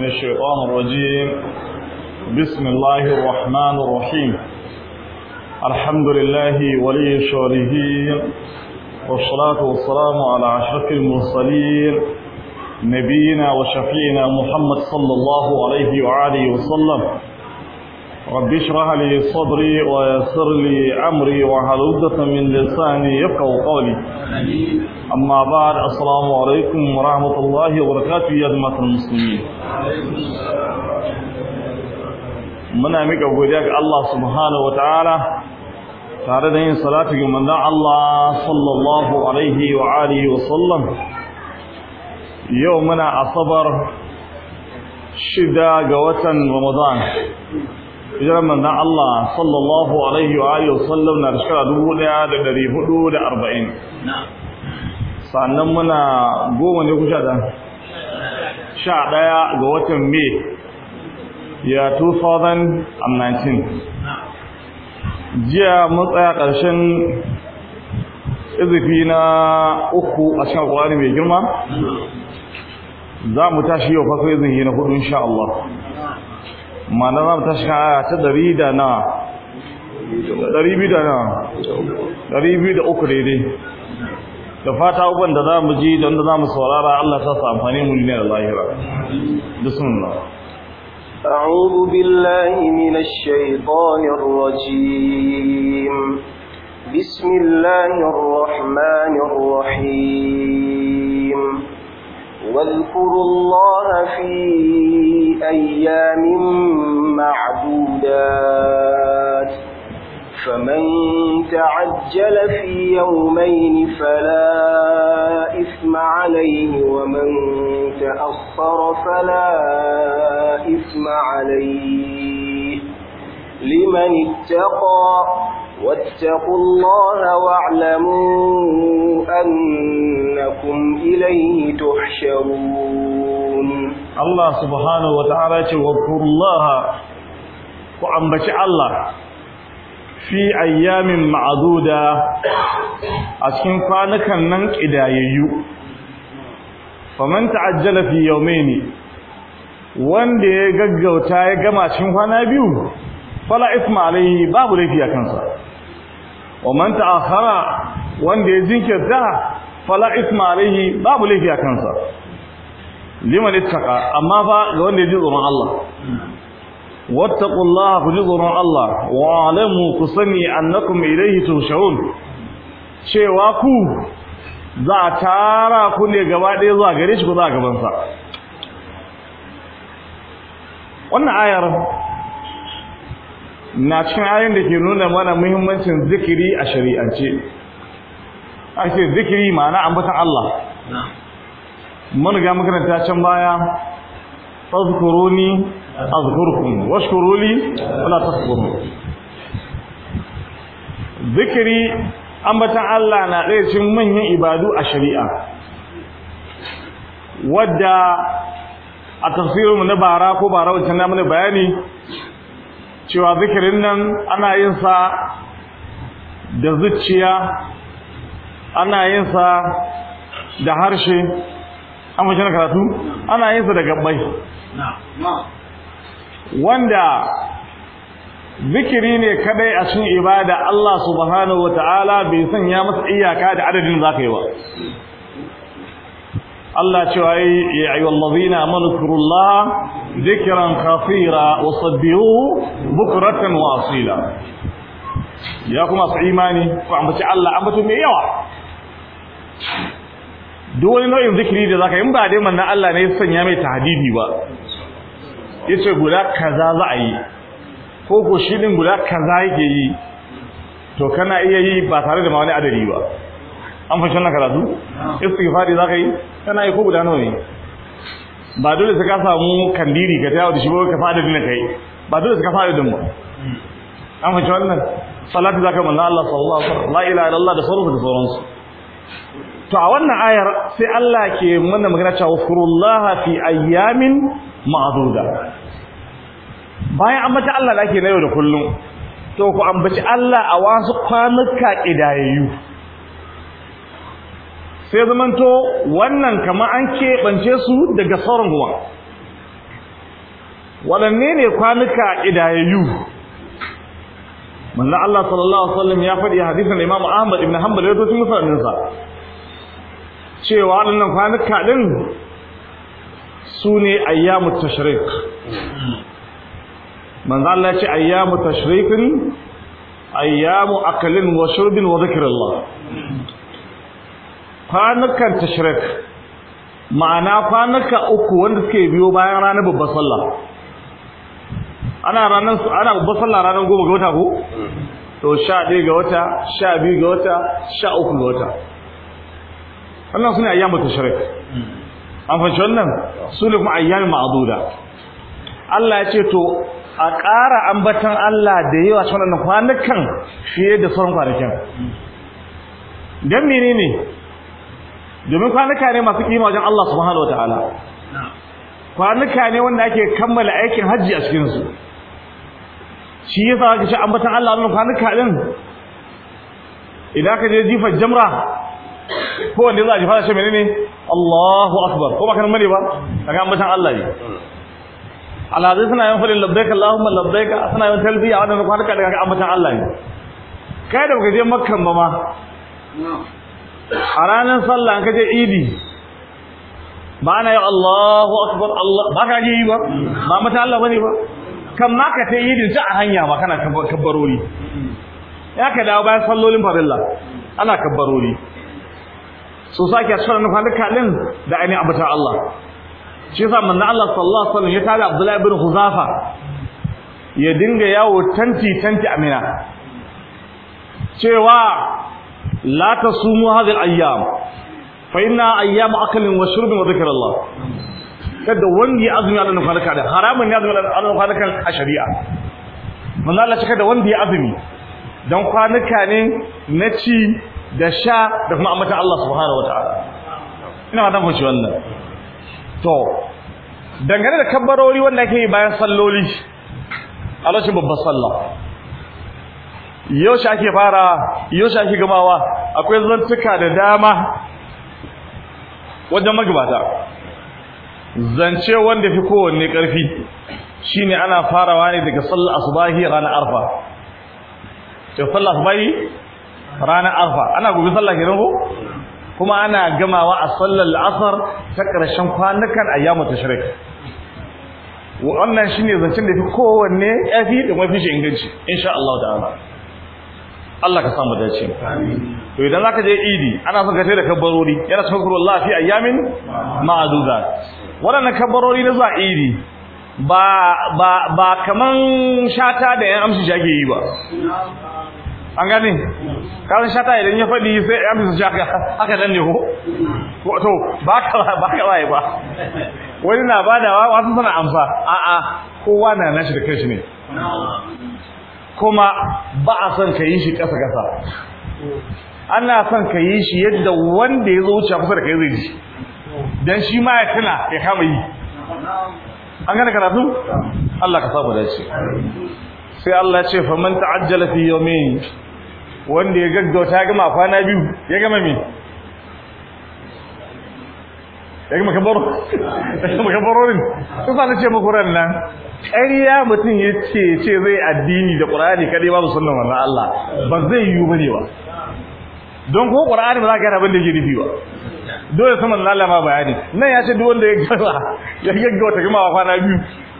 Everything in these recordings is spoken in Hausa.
من الشيطان الرجيم بسم الله الرحمن الرحيم الحمد لله ولي الشالحين والصلاة والسلام على أشرف المرسلين نبينا وشفينا محمد صلى الله عليه وآله وسلم رب اشرح لي صدري ويسر لي امري وهل من لساني يفقهوا قولي اما بعد السلام عليكم ورحمه الله وبركاته يا جماعه المسلمين muna mika godiya ga Allah subhanahu wataala tare da yin salatu ga manzon Allah sallallahu alaihi wa sallam yau muna asabar shida ga watan Ramadan hijirar manzan Allah sallallahu alaihi wa alihi sallam na da shekara dubu daya da dari hudu da arba'in sannan muna goma ne kusa da sha ɗaya ga watan mai ya 2019 jiya mun tsaya ƙarshen izifi na uku a cikin ƙwari mai girma za mu tashi yau fasa izini na hudu insha Allah Mana za mu tashi aya ta dari da na dari biyu da na dari biyu da uku daidai da fata uban da za mu ji don da za mu saurara Allah ta sa amfani mu ne da lahira bismillah أعوذ بالله من الشيطان الرجيم بسم الله الرحمن الرحيم واذكروا الله في في أيام معدودات فمن تعجل في يومين فلا إثم عليه ومن تأخر فلا إثم عليه لمن اتقى واتقوا الله واعلموا أنكم إليه تحشرون Allah subhanahu wa ta'ala ce wa kullaha ku ambaci Allah fi ayyamin ma'duda a cikin kwanukan nan ƙidayayyu faman ta'ajjala fi yawmaini wanda ya gaggauta ya gama cikin kwana biyu fala isma alaihi babu laifi a kansa wa man ta'akhara wanda ya jinkirta fala isma alaihi babu laifi a kansa liman ittaqa amma fa ga wanda ya ji tsoron Allah wattaqullaha ku ji tsoron Allah wa alamu ku sani annakum ilayhi tushaun cewa ku za a tara ku ne gaba ɗaya zuwa gare shi ku za a sa. wannan ayar na cikin ayoyin da ke nuna mana muhimmancin zikiri a shari'ance ake zikiri ma'ana ambatan Allah mun riga makaranta can baya fazkuruni azkurkum washkuru wala takfurun zikiri ambatan Allah na ɗaya cikin manyan ibadu a shari'a wadda a tafsirinmu na bara ko bara wancan na mana bayani cewa zikirin nan ana yin sa da zuciya ana yin sa da harshe an mashi na karatu ana yin sa da gabbai wanda zikiri ne kadai a cikin ibada Allah subhanahu wataala bai sanya masa iyaka da adadin zaka yi wa Allah cewa yi ya ayyuhal ladina amanu kurullah dhikran wa sabbihu bukratan wa asila ya kuma su imani ku bace Allah ambato mai yawa duk wani nau'in zikiri da zaka yi? ba dai manna Allah ne ya sanya mai tahdidi ba yace guda kaza za a yi ko ko shirin guda kaza yake yi to kana iya yi ba tare da ma wani adadi ba an fashe na karatu istighfari zaka yi kana yi ko guda nawa ne ba dole sai ka samu kandiri ka tawo da shi ba ka fada din kai ba dole sai ka fada din ba hmm. an fashe wannan salatu zaka manna Allah sallallahu alaihi wasallam la ilaha illallah da sauransu da sauransu to a wannan ayar sai Allah ke mana magana cewa furullaha fi ayyamin ma'duda bayan ambaci Allah da ake na yau da kullum to ku ambaci Allah a wasu kwanuka kidayayyu sai to wannan kamar an keɓance su daga sauran ruwa waɗanne ne kwanuka kidayayyu manzo Allah sallallahu alaihi wasallam ya faɗi hadisin Imam Ahmad ibn Hanbal ya zo cikin cewa waɗannan kwanuka ɗin su ne ayyamu tashrik manzo Allah ya ce ayyamu tashrikin ayyamu akalin wa shurbin wa zikrillah kwanukan tashrik ma'ana kwanuka uku wanda suke biyo bayan ranar babbar sallah ana ranar ana babbar sallah ranar goma ga wata ko to sha ɗaya ga wata sha biyu ga wata sha uku ga wata wannan sune ayyamul tashrik an fahimci wannan su ne kuma ayyami ma'duda Allah ya ce to a ƙara ambatan Allah da yawa cikin wannan kwanakan fiye da sauran kwanakin dan menene domin kwanaka ne masu kima wajen Allah subhanahu wataala Kwanaka ne wanda ake kammala aikin hajji a cikin su shi yasa ake ce ambatan Allah wannan kwanaka din idan ka je jifar jamra ko wanda za a fara shi menene Allahu akbar ko ba kan mane ba kaga ambatan Allah ne alhazai suna yin fulin labbaika Allahumma labbaika suna yin talbiya wannan ko harka daga ambatan Allah ne kai da baka je makkan ba ma a ranar sallah an kaje idi ba na yi Allahu akbar Allah ba ka je yi ba ba mutan Allah bane ba kan ma ka ta yi idin ta a hanya ba kana kabbarori ya ka dawo bayan sallolin farilla ana kabbarori su sake shirin falukalin da ainihin abutar Allah shi yasa na Allah sallallahu alaihi wasallam ya tada Abdullah ibn Huzafa ya dinga yawo tanti tanti amina cewa la tasumu hadhihi al-ayyam fa inna ayyam aklin wa shurbin wa Allah kada wanda ya azumi Allah nufalaka da haramun ne azumi Allah nufalaka a shari'a manzo Allah shi kada wanda ya azumi dan kwanuka ne na ci da sha da kuma amata Allah subhanahu wataala ina fatan ku wannan to dangane da kabbarori wanda ake yi bayan salloli a lokacin babbar sallah yau ake fara yau ake gamawa akwai zantuka da dama wajen magabata zance wanda fi kowanne karfi shine ana farawa ne daga sallar asubahi ranar arfa to sallar asubahi ranar arfa ana gobe sallah kenan ko kuma ana gamawa a sallar la'asar ta ƙarshen kwanukan ayyamu tashrik wannan shine zancen da fi kowanne yafi da mafi shi inganci insha Allah ta'ala Allah ka samu dace to idan zaka je idi ana son ka da kabbarori yana subhanallah fi ayyamin ma'dudat wannan kabbarori na zuwa idi ba ba kaman shata da yan amshi jage yi ba an gane kawai shata idan ya faɗi sai ya bisa shaka haka nan ne ko Wato ba ka ba waye ba wani na badawa wasu suna amsa a'a kowa na nashi da kashi ne kuma ba a son ka yi shi ƙasa ƙasa ana son ka yi shi yadda wanda ya zo wuce kusa da kai zai ji dan shi ma ya tuna ya kama yi an gane karatu Allah ka samu dace sai Allah ce faman ta'ajjala fi yawmin wanda ya gaggauta ya gama kwana biyu ya gama me ya gama kabaro ya gama kabarorin sun sa nace muku ran nan ƙarya mutum ya ce ce zai addini da ƙur'ani kadai su sunnan wannan Allah ba zai yiwu bane wa? don ko ƙur'ani ba za ka yi abin da yake nufi ba dole sama lalama bayani nan ya ce duk wanda ya gaza ya gaggauta gama kwana biyu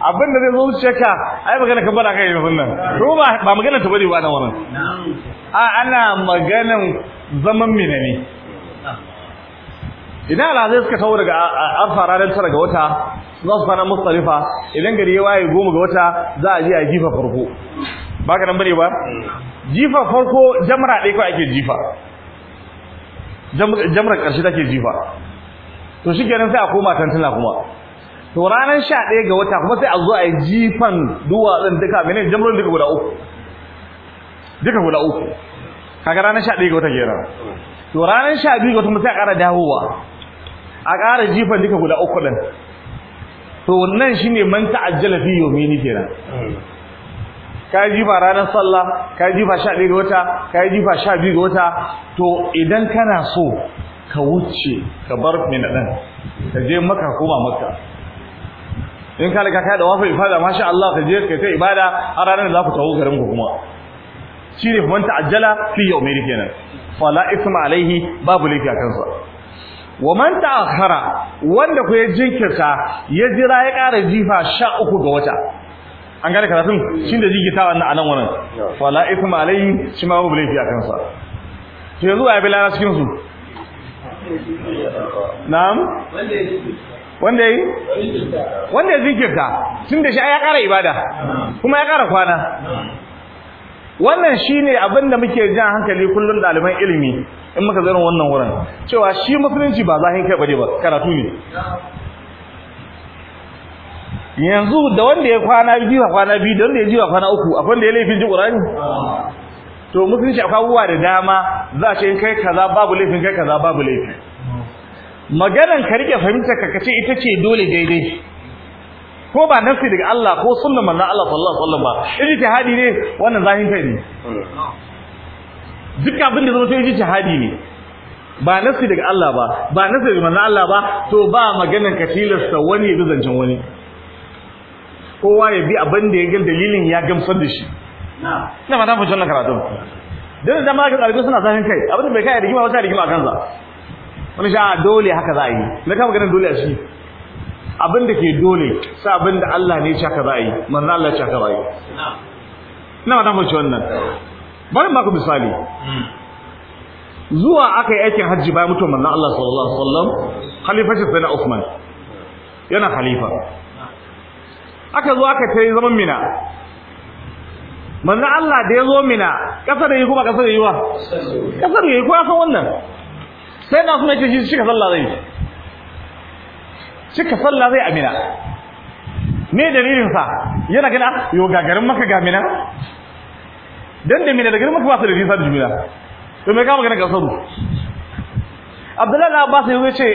abin da zai zo ka ai magana ka bara kai yanzu nan ko ba ba magana ta bari ba nan wannan a ana maganan zaman mina ne idan zai suka tawo daga arfa ranar tara ga wata za su fara mustalifa idan gari ya waye goma ga wata za a je a jifa farko ba ka nan bane ba jifa farko jamra ɗaya kawai ake jifa jamra ƙarshe take jifa to shi kenan sai a koma tantana kuma to ranar sha ɗaya ga wata kuma sai a zo a yi jifan duwatsun duka mene jamrun duka guda uku duka guda uku kaga ranar sha ɗaya ga wata gera to ranar sha biyu ga wata mutum sai a ƙara dawowa a ƙara jifan duka guda uku ɗin to wannan shine man ajjala fi ni kenan ka jifa ranar sallah ka jifa sha ɗaya ga wata ka jifa sha biyu ga wata to idan kana so ka wuce ka bar mina ɗan ka je maka koma maka in ka riga ka da wafa ifada masha Allah ka je kai ta ibada a ranar da za ku tawo garin ku kuma shine man ta'ajjala fi yawmin kenan la isma alaihi babu laifi a kansa wa man ta'akhara wanda ku ya jinkirta ya jira ya ƙara jifa sha uku ga wata an gane karatun shine jigitawa wannan anan wannan la isma alaihi shi ma babu laifi a kansa to yanzu a bi lana cikin su na'am wanda yi wanda ya zikirta tun da shi ya ƙara ibada kuma ya ƙara kwana wannan shine abin da muke jan hankali kullum daliman ilimi in muka zarin wannan wurin cewa shi musulunci ba zahin kai bane ba karatu ne yanzu da wanda ya kwana biyu kwana biyu da wanda ya jiwa kwana uku akwai wanda ya laifin ji Qur'ani to musulunci akwai abubuwa da dama za a ce in kai kaza babu laifin kai kaza babu laifin maganan ka rike fahimta ka kace ita ce dole daidai ko ba nafsi daga Allah ko sunnar manzon Allah sallallahu alaihi wasallam ba ijtihadi ne wannan zahinta ne duk abin da zama sai ijtihadi ne ba nafsi daga Allah ba ba nafsi daga manzon Allah ba to ba maganan ka tilasta wani ya zancen wani kowa ya bi abin da ya ga dalilin ya gamsar da shi na na ba ta fahimci wannan karatu dan da ma ga suna zahin kai abin da bai kai kima ba da kima kanza wani sha ah, dole haka za a yi na kama ganin dole a shi abin da ke dole sa abin da Allah ne ya ka za a yi manzo Allah ya ka za a yi ina ma mace wannan bari ba ku misali zuwa aka yi aikin hajji bayan mutum manzo Allah sallallahu alaihi wasallam sai na Uthman yana khalifa aka zo aka tayi zaman mina manzo Allah da ya zo mina kasar da yi kuma kasar da yi wa kasar da yi kuma ya san wannan sai na suna ce shi cika sallah zai cika sallah zai amina me dalilinsa sa yana gina ah, yau gagarin maka gamina don da mina da girma maka ba su da nisa da jumila to me ka magana ka sabu Abdullahi Abbas ya ce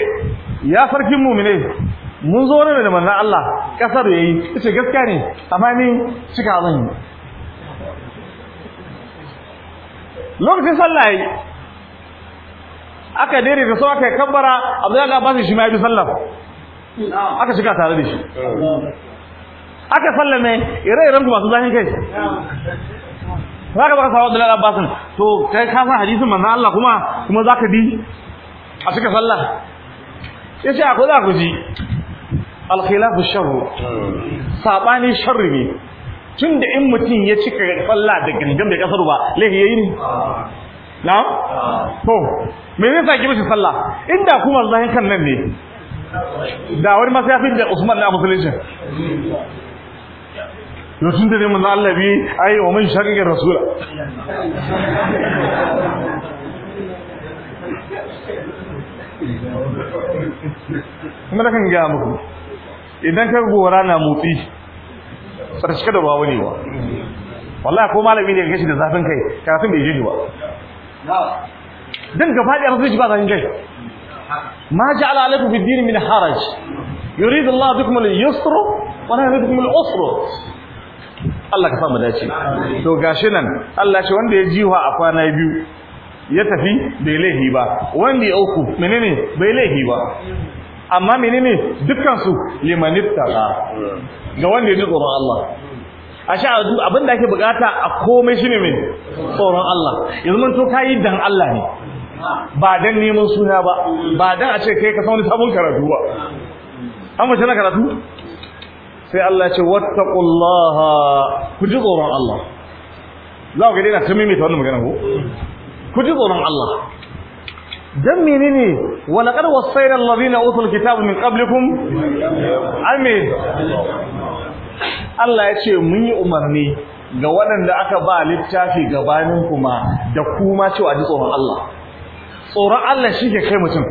ya farkin mu'mine mun zo wani da manzan Allah kasar yayi ce gaskiya ne amma ni cika zan yi lokacin sallah aka daidaita so aka kabbara abdullahi abbas shi mai ya bi sallah aka shiga tare da shi aka sallame ire-iren ku masu zahin kai ba ka baka sawa abdullahi abbas to kai ka san hadisin manzon Allah kuma kuma za ka bi a cika sallah ya ce za ku ji khilafu sharru sabani sharri ne tun da in mutum ya cika sallah da gangan da kasar ba laifi yayi ne na'am to me yasa ke mishi sallah inda kuma Allah kan nan ne da wani masafin da Usman na musulunci tun da ne manzo Allah bi ai wa man shaqiqa rasula kuma da kan ga muku idan ka gora na motsi sarshika da bawo ne wa wallahi ko malami ne ga shi da zafin kai karatun bai jiji ba dan fadi da musulunci ba zan kai ma ja'ala alaikum bid din min haraj yuridu Allah bikum al yusra wa la yuridu bikum al usra Allah ka samu dace to gashi nan Allah shi wanda ya jiwa a kwana biyu ya tafi bai laihi ba wanda ya uku menene bai laihi ba amma menene dukkan su limanitta ga wanda ya tsoro tsoron Allah ashe abin da ake bukata a komai shi ne mai tsoron Allah yanzu mun to kayi dan Allah ne ba dan neman suna ba ba dan a ce kai ka sauni sabon karatu ba an mace na karatu sai Allah ya ce wattaqullaha ku ji tsoron Allah za ku ga dina tumi mimita wannan magana ko ku ji tsoron Allah dan menene wa laqad wasayna allazina utul kitaba min qablikum amin Allah ya ce mun yi umarni ga waɗanda aka ba littafi gabanin kuma da kuma cewa ji tsoron Allah tsoron Allah shi ke kai mutum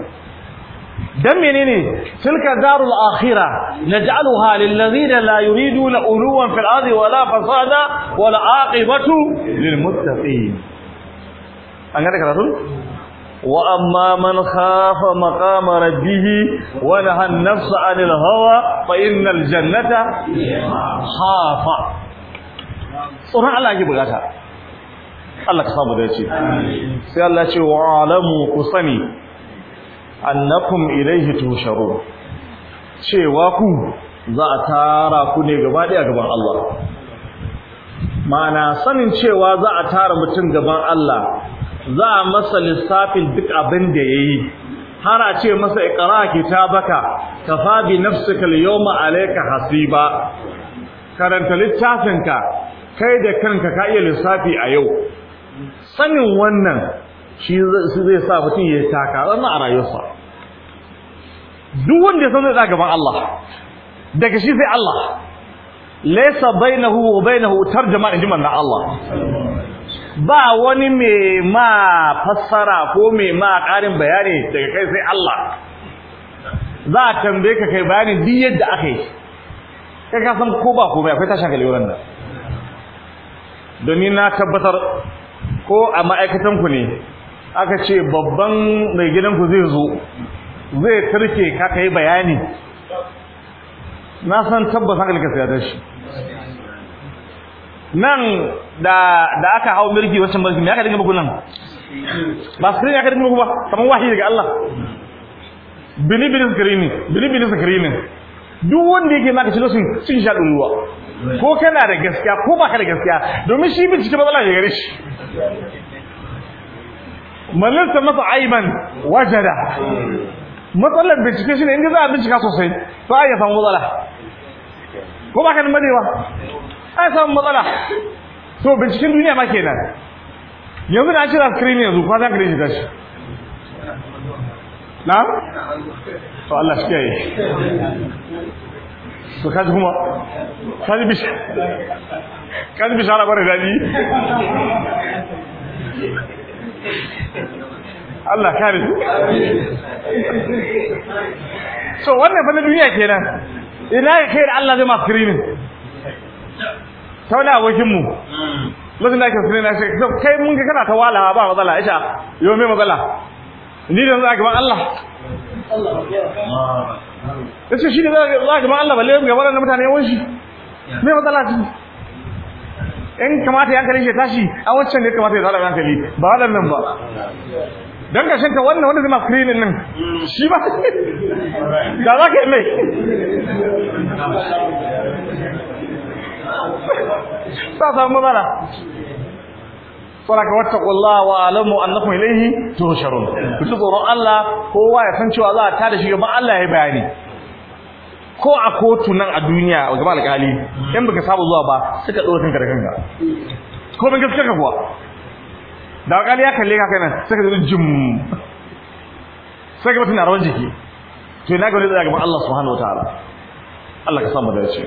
dan menene tilka darul akhirah naj'aluha lil ladina la yuriduna uluwan fil wala fasada wal aqibatu lil muttaqin an ga karatu wa amma man khafa maqama rabbih wa nahan nafsa anil hawa fa innal jannata khafa tsoron Allah ke bugata Allah ka samu dace sai Allah ce wa alamu ku sani annakum ilaihi tusharu cewa ku za a tara ku ne gaba daya gaban Allah mana sanin cewa za a tara mutum gaban Allah za a masa lissafin duk abin da yayi har a ce masa iqra kitabaka kafa bi nafsika al-yawma alayka hasiba karanta littafinka kai da kanka ka iya lissafi a yau sanin wannan shi zai sa mutum ya taka zama a rayuwarsa duk wanda ya san zai gaban Allah daga shi sai Allah laysa bainahu wa bainahu tarjuma inji na Allah ba wani mai ma fassara ko mai ma karin bayani daga kai sai Allah za a tambaye ka kai bayanin duk yadda aka yi kai ka san ko ba komai akwai tashin kalli wannan domin na tabbatar ko a ma'aikatanku ne aka ce babban mai gidanku zai zo zai tarke kaka yi bayani na san tabbas hankali ka siya shi nan da aka hau mulki wancan mulki mai aka dinga muku nan ba su screen aka dinga muku ba kamar wahayi daga Allah bini bini screen bini bini duk wanda yake maka shi sun sun sha dulwa ko kana da gaskiya ko baka da gaskiya domin shi bincike matsala ya gare shi malinsa masa aiman wajada matsalar bincike shi ne inda za a bincika sosai to a ya samu matsala ko baka da madewa ai samu matsala to binciken duniya ma kenan yanzu da an cira screen yanzu kwanan da shi tashi na? to Allah shi yi. to kaji kuma kaji bish kaji bish ana Allah kare so wannan fana duniya kenan ina ya kai da Allah zai masu screening ta wani abokinmu. mu lokacin da ake screening na shi kai mun ga kana ta wala ba matsala isha yau mai matsala ni da yanzu a gaban Allah Allah ya ce shi ne za ka Allah balle ga waɗannan mutane yawon shi mai matsala ce in kamata yankali ya tashi a wancan ne kamata ya tsara yankali ba waɗannan ba don ka shanka wannan wanda zai ma screening nan shi ba da za ka yi mai sa samu matsala saboda wattaqullaha wa alamu annakum ilayhi tuhsharun ku tsoron Allah kowa ya san cewa za a tada shi gaban Allah ya bayani ko a kotu nan a duniya gaban alƙali in baka saba zuwa ba suka dora kanka da kanka ko ban gaskiya ka kuwa da alƙali ya kalle ka kana suka zo jum sai ga mutuna rawan jiki to ina ga wani da gaban Allah subhanahu wataala Allah ka samu dace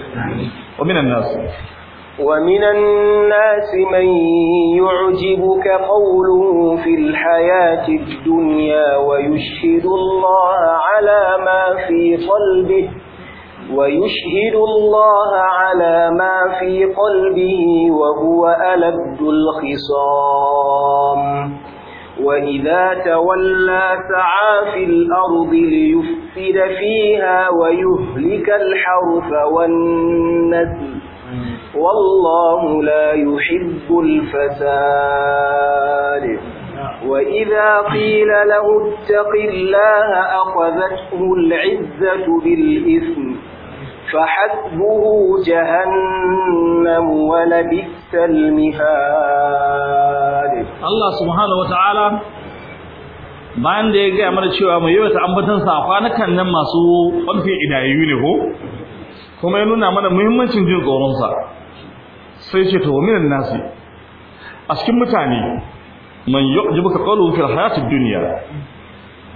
wa minan nas ومن الناس من يعجبك قوله في الحياة الدنيا ويشهد الله على ما في قلبه ويشهد الله على ما في قلبه وهو ألد الخصام وإذا تولى سعى في الأرض ليفسد فيها ويهلك الحرث والنسل والله لا يحب الفساد وإذا قيل له اتق الله أخذته العزة بالإثم فحسبه جهنم ولبئس المهاد الله سبحانه وتعالى bayan da ya gaya mana cewa mai yi wata ambatan sa kwanakan nan masu ƙarfin idayu ne ko kuma ya nuna mana muhimmancin jin tsoronsa sai ce to minan nasi a cikin mutane man ka qawluhu fil hayatid dunya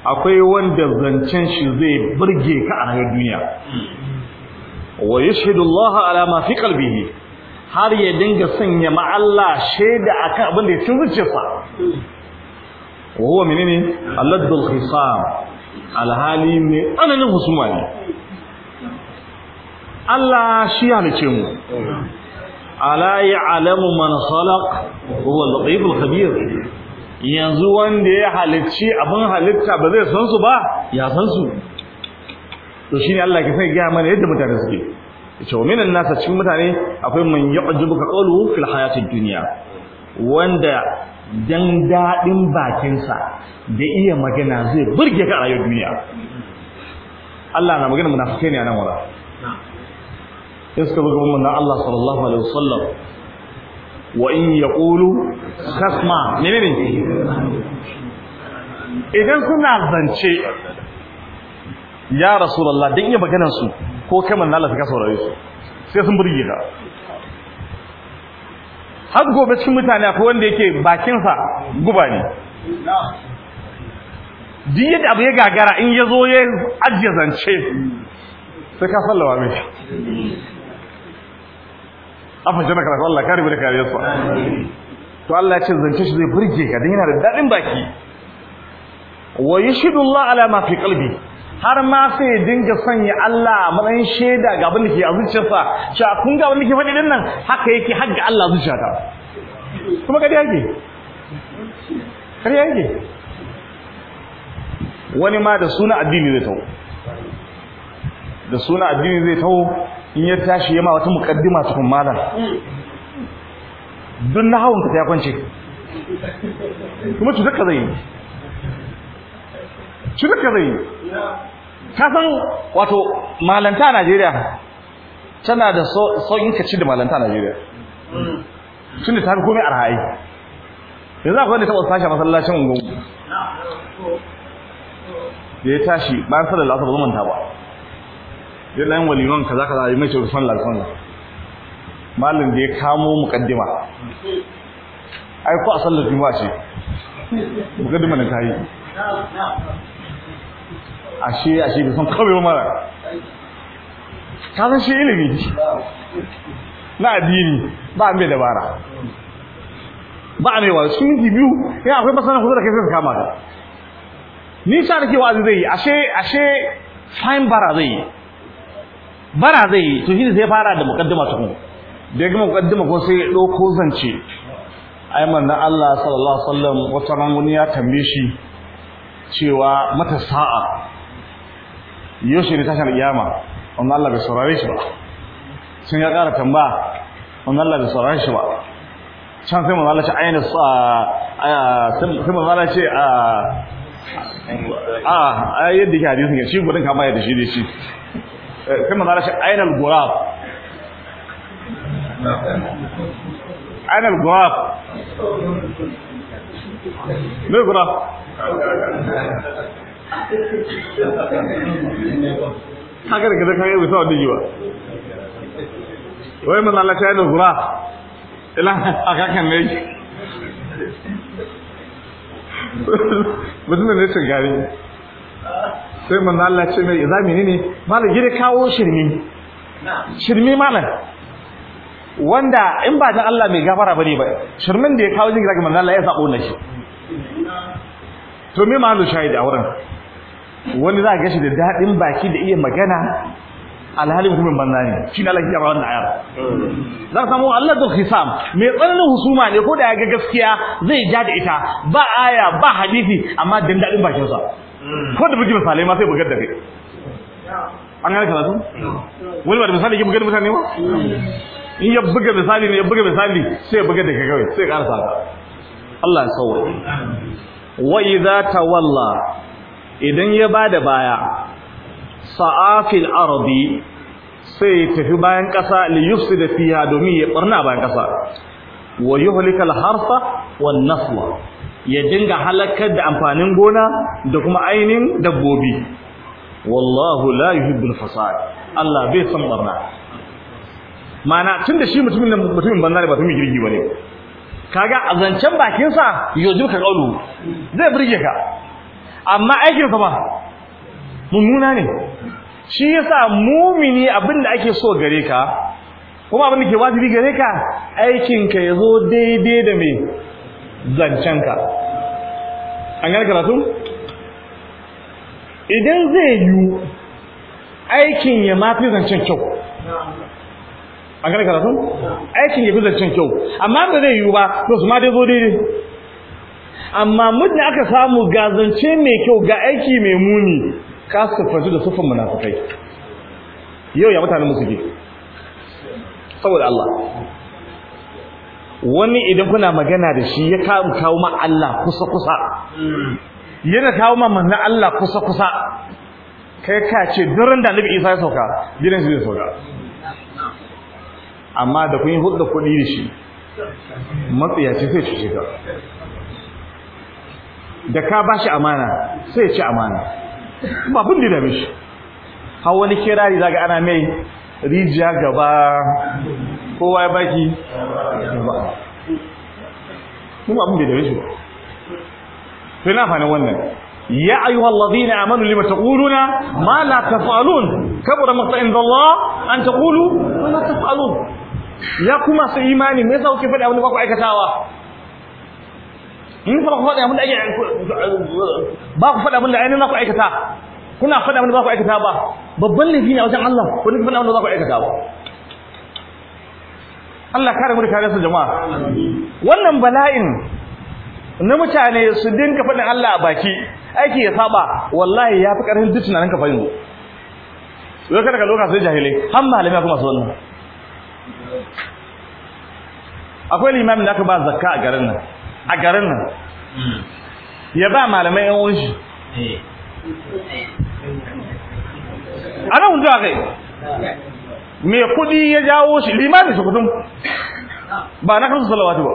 akwai wanda zancen shi zai burge ka a rayuwar duniya wa yashhadu Allah ala ma fi qalbihi har ya dinga sanya ma Allah shaida akan abin da ya cin zuciyarsa wa huwa menene alladul khisam alhali ne, tsananin husuma ne Allah shi ya nace mu ala ya'lamu man khalaq huwa al-latif khabir yanzu wanda ya halicci abin halitta ba zai san su ba ya san su to shine Allah ke sai ga mana yadda mutane suke ce wa minan nasa cikin mutane akwai man ya'jibuka qawluhu fil hayatid dunya wanda dan daɗin bakinsa da iya magana zai burge ka a rayuwar duniya Allah na magana munafikai ne a nan wara in suka buga nan Allah sallallahu alaihi wasallam wa in yaqulu kasma menene idan suna zance ya rasulullah din iya maganar su ko kai manzon Allah ka saurare su sai sun burge ka har gobe cikin mutane akwai wanda yake bakinsa guba ne din yadda abu ya gagara in ya zo ya ajiye zance sai ka sallawa mai Afa shi na karatu Allah kare da kariyarsa to Allah ya ce zance shi zai burge ka dan yana da dadin baki wa yashidu Allah ala ma fi qalbi har ma sai dinga sanya Allah a sheda shaida ga abin da ke a zuciyarsa cewa kun ga abin da ke faɗi din nan haka yake har ga Allah zuciyarsa kuma kadi yake kadi yake wani ma da suna addini zai tawo da suna addini zai tawo in ya tashi yama wata mukaddima tukun malam Don na ka ta kwance kuma cutar ka zai yi cutar ka zai ka san wato malanta a Najeriya tana da sauƙin kaci da malanta a Najeriya tun da ta fi komai arha'ai. yanzu akwai wanda taɓa sashi a masallacin ungungu da ya tashi bayan sallar lasa ba zumanta ba da dan waliman kaza kaza yi mai ce rufan bismillah malin da ya kamo mukaddima ai ko a sallar juma'a ce muqaddima ne tayi ashe ashe da son kawai mara ka san shi ilimi na addini ba mai dabara ba mai wa sun yi biyu ya akwai masana kusa da kai sai kama ka ni sa ke wa'azi zai yi ashe ashe fine bara zai yi bara zai yi to shine sai fara da muqaddima tukun da kuma mukaddima ko sai ɗauko zance ai manzon Allah sallallahu alaihi wasallam wata ran wani ya tambaye shi cewa mata sa'a yoshi ne tashar kiyama wannan Allah bai saurare shi ba sun ya ƙara tamba wannan Allah bai saurare shi ba can sai manzon Allah ce ayyana sai manzon Allah ce a a yadda ke hadisin shi gudun kama yadda da shi da shi sai manzo Allah shi ainal gurab ainal gurab me gurab haka da kaza kai bisa wadda yiwa wai manzo Allah shi ainal gurab ila aka kan ne mutum ne cin gari sai manzo Allah ce mai za menene malam gida kawo shirmi shirmi malam wanda in ba dan Allah mai gafara bane ba shirmin da ya kawo jin zaka manzo Allah ya sabo nashi to me malu shahidi a wurin wani za ka gashi da dadin baki da iya magana alhali mutumin banza ne shi na lafiya wannan ayar za ka samu Allah da hisam mai tsananin husuma ne ko da ya ga gaskiya zai ja da ita ba aya ba hadisi amma dan dadin bakin sa Mm. ko da bugi misalai ma sai bugar da kai an gane karatu wani ba da misali ke bugar mutane ba mm. in ya buga misali ne ya buga misali sai ya buga da kai kawai sai ya karasa Allah ya sauwa mm. wa idza tawalla idan ya bada baya sa'afil ardi sai tafi bayan kasa li yufsida fiha domin ya barna bayan kasa wa yuhlikal harfa wan nasla ya dinga halakar da amfanin gona da kuma ainihin dabbobi wallahu la yuhibbul fasad Allah bai san barna mana tunda shi mutumin nan mutumin banza ne ba mutumin girgi bane kaga a zancen bakin sa yau ka kaulu zai burge ka amma aikin sa ba mummuna ne shi yasa mumini abinda ake so gare ka kuma abin da ke wajibi gare ka aikin ka yazo daidai da me zancenka an yi karatu idan zai yi aikin ya mafi zancen kyau an gani karatu aikin ya fi zancen kyau amma ba zai yi ba to su ma dai zo daidai amma mutum aka samu ga zance mai kyau ga aiki mai muni ka siffanci da sufan munafukai yau ya mutane musu ke saboda Allah wani idan kuna magana da shi ya kawo ma Allah kusa kusa yana kawo ma manzon Allah kusa kusa kai ka ce durin da Annabi Isa ya sauka gidan shi zai sauka amma da kun yi hudda kuɗi da shi matsiyaci sai ci shiga da ka ba shi amana sai ci amana ba bin da mishi har wani kirari zaga ana mai rijiya gaba kowa ya baki kuma abin bai da shi ba sai na fani wannan يا أيها الذين آمنوا لما تقولون ما لا تفعلون كبر مقتا عند الله أن تقولوا ما لا تفعلون يا كما سيماني ماذا وكيف فدي أبنك أي aikatawa? in ba ku faɗa da ake ba ku faɗa abin da ainihin ku aikata kuna faɗa abin ba ku aikata ba babban laifi a wajen Allah ko ne ku faɗa abin za ku aikata ba Allah kare mu da kare su jama'a wannan bala'in na mutane su dinka fadin Allah a baki aiki ya saba wallahi ya fi ƙarfin duk tunanin ka fa yanzu yau kada ka loka sai jahilai har malami kuma su wannan akwai limamin da aka ba zakka a garin nan a garin nan ya ba malamai yan uwan shi ana eh. hundu a kai Me kudi ya jawo shi limani shi kudin ba na kansu salawatu ba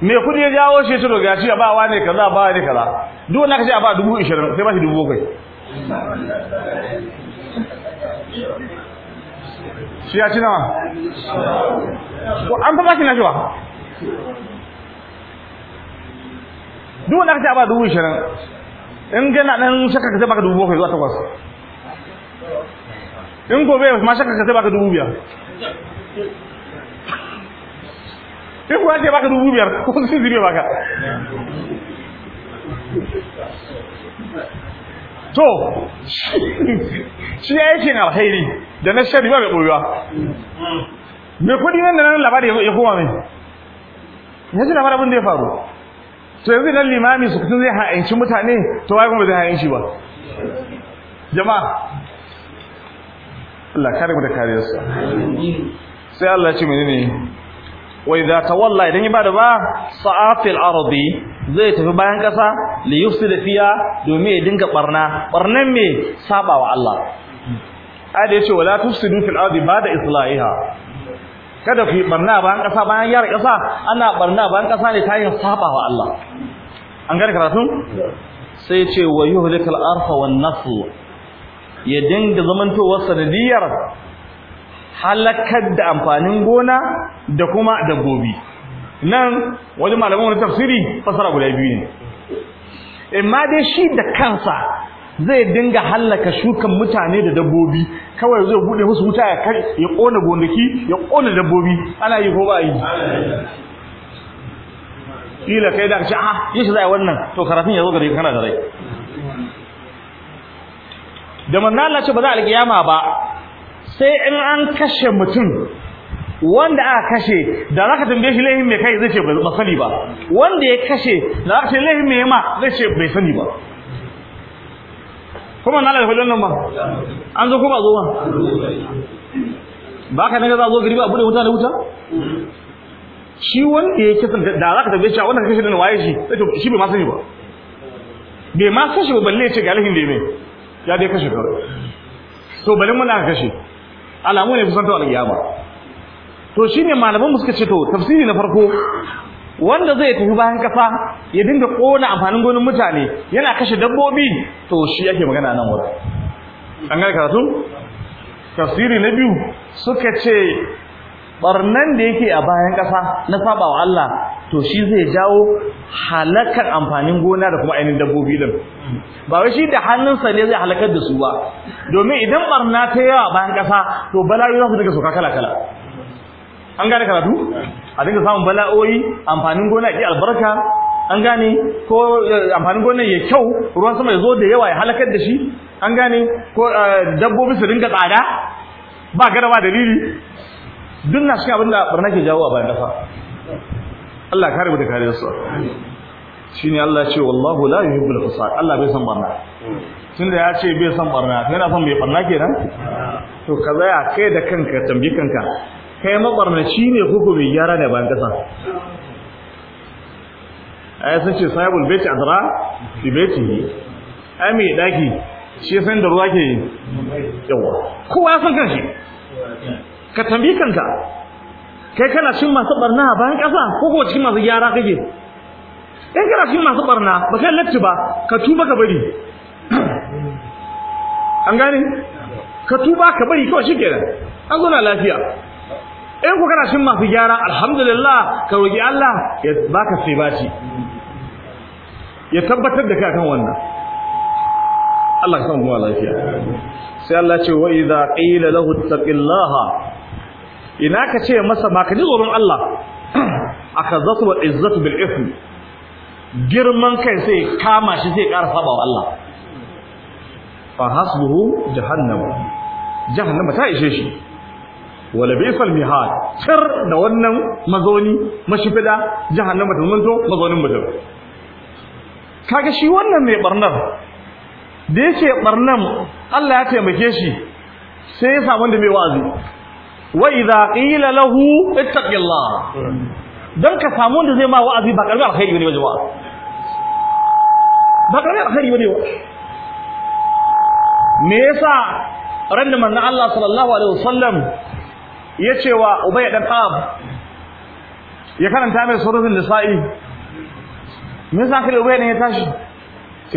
Me kudi ya jawo shi ya roga shi a bawa ne kaza bawa ne kaza duk wanda kace a ba dubu ishirin sai ba shi dubu kai shi ya ci nawa an fa ba shi na shi wa duk wanda kace a ba dubu ishirin in gana nan shakka ka sai baka dubu kai zuwa takwas in gobe ma shakka ka sai baka dubu biyar in kuwa ce baka dubu biyar ko sun zirya baka to shi aikin alheri da na shari'a ba mai ɓoyuwa mai kudi nan da nan labari ya koma mai ya ji labarin abin da ya faru to yanzu idan limami su kusan zai ha'inci mutane to wai kuma zai ha'inci ba jama'a Allah kare mu da kariyarsa sai Allah ce menene wa idza tawalla idan ya bada ba sa'atil ardi zai tafi bayan kasa li yufsida fiya domin ya dinga barna barnan me wa Allah a da yace wala tufsidu fil ardi ba'da islahiha kada ku yi barna bayan kasa bayan yar kasa ana barna bayan kasa ne ta yin sabawa Allah an gane karatun sai ce wa yuhlikal arfa wan nasl ya dinga zamantowar sanadiyar halakar da amfanin gona da kuma dabbobi nan wani malamin wani tafsiri fasara guda biyu ne imma dai shi da kansa zai dinga hallaka shukan mutane da dabbobi kawai zai bude musu wuta ya kar ya kona gonaki ya kona dabbobi ana yi ko ba yi kila kai da ka ce ah, yi shi zai wannan to karatun ya zo gare kana da rai da manzo Allah ce ba za a alkiyama ba sai in an kashe mutum wanda aka kashe da zaka tambaye shi laifin me kai zai ce ba sani ba wanda ya kashe da zaka ce laifin me ma zai ce bai sani ba kuma na fadi nan ba an zo kuma zo ba ba ka naga za zo gari ba bude wuta da wuta shi wanda ya kisan da zaka tambaye shi wanda ka kashe da waye shi shi bai ma sani ba bai ma kashe ba balle ya ce ga laifin da ya mai ya dai kashe ka to balin muna kashe alamu ne kusantar alƙiyama to shine malaman mu suka ce to tafsiri na farko wanda zai tafi bayan kasa ya dinga kona amfanin gonin mutane yana kashe dabbobi to shi ake magana nan wurin an gane karatu tafsiri na biyu suka ce barnan da yake a bayan kasa na sabawa Allah to shi zai jawo halakar amfanin gona da kuma ainihin dabbobi din ba wai shi da hannunsa ne zai halakar da su ba domin idan barna ta yawa bayan kasa to bala'o'i za su daga soka kala kala an gane karatu a dinga samun bala'o'i amfanin gona ya albarka an gane ko eh, amfanin gona ya kyau ruwan sama ya zo da yawa ya halakar da shi an gane ko eh, dabbobi su dinga tsada ba ba dalili duk na shi abin da barna ke jawo a bayan kasa Allah kare mu da kare su shine Allah ce wallahu la yuhibbul fasad Allah bai san barna tunda ya ce bai san barna yana son bai barna kenan to ka zaya kai da kanka tambi kanka kai shi ne ko bai gyara ne bayan kasa ai sun ce sahibul baiti adra bi baitihi ai mai daki shi san da ruwa ke yawa kowa san kanshi ka tambi kanka kai kana cikin masu barna a bayan ƙasa ko kuma cikin masu gyara kake in kana cikin masu barna ba kai latti ba ka tuba ka bari an gane ka tuba ka bari kawai shi kenan an zo na lafiya in ku kana cikin masu gyara alhamdulillah ka roƙi Allah ya baka sai bashi. ya tabbatar da kai akan wannan Allah ya samu lafiya sai Allah ce wa idza qila lahu ittaqillaha ina ka ce masa ba ka ji tsoron Allah zasu wa izzatu bil ithm girman kai sai kama shi sai ƙara saba wa Allah fa hasbuhu jahannama jahannama ta ishe shi wala bisal mihad sir da wannan mazoni mashifida jahannama ta munto mazonin mutum kaga shi wannan mai barnar da yake barnan Allah ya taimake shi sai ya samu da mai wa'azi wa idza qila lahu ittaqillah dan ka samu wanda zai ma wa'azi ba karbi alkhairi wani bane wa? ba karbi alkhairi wani wa? me yasa ran da manzon Allah sallallahu alaihi wasallam ya ce wa Ubay dan Qab ya karanta mai suratul nisa'i me yasa kai Ubay ne ya tashi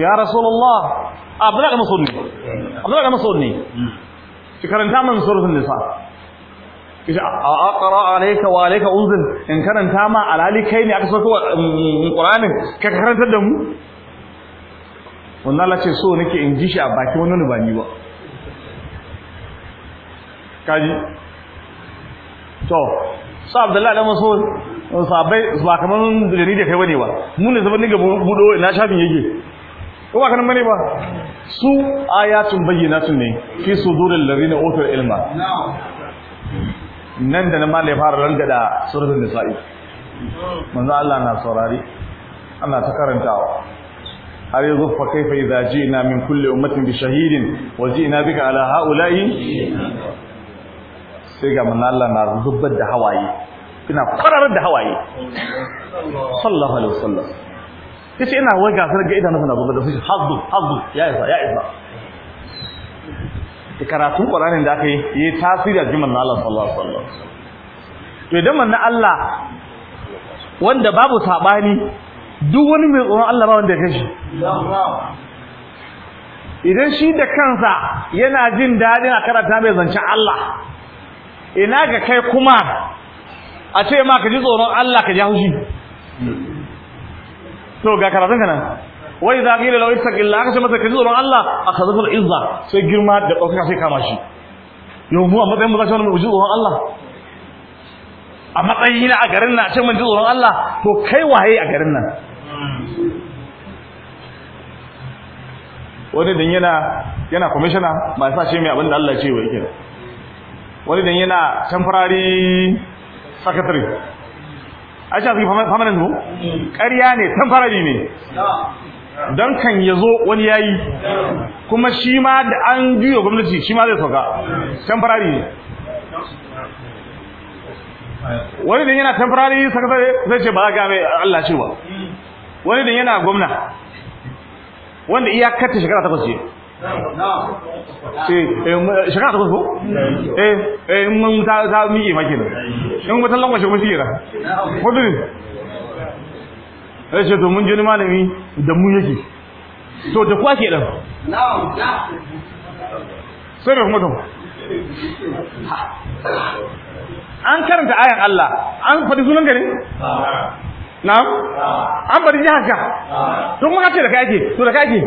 ya rasulullah Abdullah da masudi Abdullahi da masudi hmm. hmm. ki karanta min suratul nisa a aqra alayka wa alayka unzil in karanta ma alali kai ne aka wa um, um, qur'anin ka karantar da mu wannan Allah ce so nake in ji shi a baki wani ba ni ba kaji to sa Abdullahi dan Mas'ud sabai ba kaman da ni da kai wani ba mu ne zaman ga budo ina shafin yake ko ba kanan bane ba su ayatun sun ne fi sudurul ladina utul ilma nan da nan ma ya fara rangada suratul nisa'i manzo Allah na saurari ana ta karantawa har yanzu fa kaifa idza ji'na min kulli ummatin bi shahidin wa ji'na bika ala ha'ula'i sai ga manzo Allah na zubar da hawaye ina kwararar da hawaye sallallahu alaihi wasallam yace ina wai gasar ga idan na zubar da fushi hazzu hazzu ya isa ya isa karatun ƙwararren da aka yi ya tasiri a jimin Allah sallallahu alaihi to idan Allah wanda babu saɓani duk wani mai tsoron Allah ba wanda ya kashi idan shi da kansa yana jin daɗi a karata mai zancen Allah ina ga kai kuma a ce ma ka ji tsoron Allah ka ji haushi to ga karatun ka nan wai za ga lau ittaqilla aka ce masa kaji tsoron Allah akhadhatul izza sai girma da ɗaukaka sai kama shi yau mu a matsayin mu za shi wani mu ji tsoron Allah a matsayi na a garin nan a ce mun ji tsoron Allah to kai waye a garin nan wani dan yana yana commissioner ba sa ce mai abin da Allah ce wai kenan wani dan yana temporary secretary a ce a mu mm. ƙarya ne temporary ne don kan ya zo wani yayi kuma shi ma da an juya gwamnati shi ma zai sauka temporary ne wani da yana temporary sakatare zai ce ba a mai Allah ce ba wani da yana gwamna wanda iyakar ta shekara takwas ce eh, eh, shekara takwas ko? eh eh mun ta miƙe maki da in wata lankwashe kuma shi gira wadda sai ce to mun ji malami da mu yake to da kwa ke dan sai da kuma to an karanta ayan Allah an faɗi sunan ka na an faɗi jihar ka to kuma ka da ka yake to da ka yake